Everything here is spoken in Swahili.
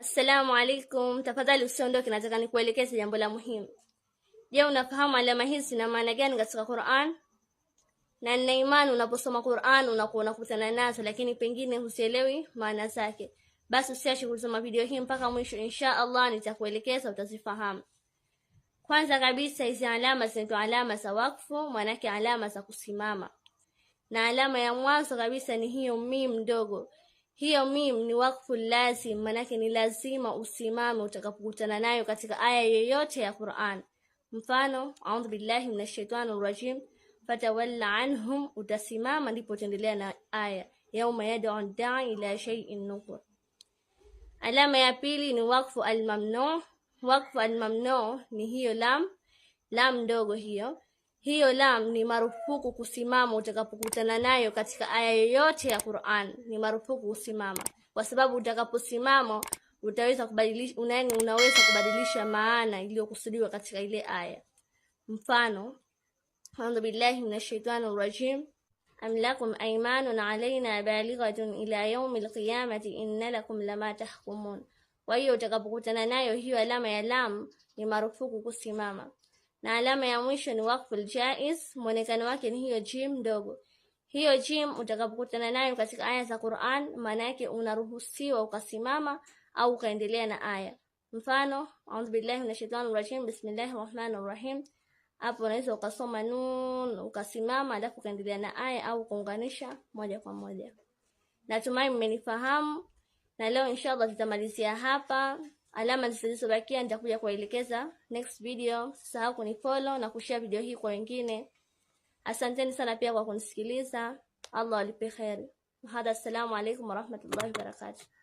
Assalamu alaikum. Tafadhali usiondoke, nataka nikuelekeze jambo la muhimu. Je, unafahamu alama hizi zina maana gani katika Qur'an? Na nina imani unaposoma Qur'an unakuwa unakutana nazo, lakini pengine husielewi maana zake. Basi usiache kutazama video hii mpaka mwisho, insha Allah nitakuelekeza utazifahamu. Kwanza kabisa, hizi alama zinaitwa alama za wakfu, maanake alama za kusimama, na alama ya mwanzo kabisa ni hiyo mim ndogo hiyo mim ni wakfu lazim, manake ni lazima usimame utakapokutana nayo katika aya yoyote ya Qur'an. Mfano, a'udhu billahi minashaitanir rajim, fatawalla anhum, utasimama ndipo utaendelea na aya yauma yad'u da'i ila shay'in nukur. Alama ya pili ni wakfu almamnu. Wakfu almamnu ni hiyo lam lam ndogo hiyo hiyo lam ni marufuku kusimama utakapokutana nayo katika aya yoyote ya Qur'an. Ni marufuku kusimama, kwa sababu utakaposimama utaweza kubadilisha, unani unaweza kubadilisha maana iliyokusudiwa katika ile aya. Mfano, audhu billahi minashaitanir rajim am lakum aymanun alayna balighatun ila yaumil alqiyamati inna lakum lama tahkumun. Kwa hiyo utakapokutana nayo hiyo alama ya lam, ni marufuku kusimama na alama ya mwisho ni wakful jaiz. Muonekano wake ni hiyo jim ndogo. Hiyo jim utakapokutana nayo katika aya za Qur'an, maana yake unaruhusiwa ukasimama au ukaendelea na aya. Mfano, a'udhu billahi minashaitanir rajim, bismillahir rahmanir rahim. Hapo unaweza ukasoma nun ukasimama, alafu ukaendelea na aya au kuunganisha moja kwa moja. Natumai mmenifahamu, na leo inshallah tutamalizia hapa alama zilizobakia nitakuja kuwaelekeza next video. Sisahau kunifollow na kushare video hii kwa wengine. Asanteni sana pia kwa kunisikiliza. Allah walipe kheri. Hadha, assalamu alaikum warahmatullahi wabarakatuh.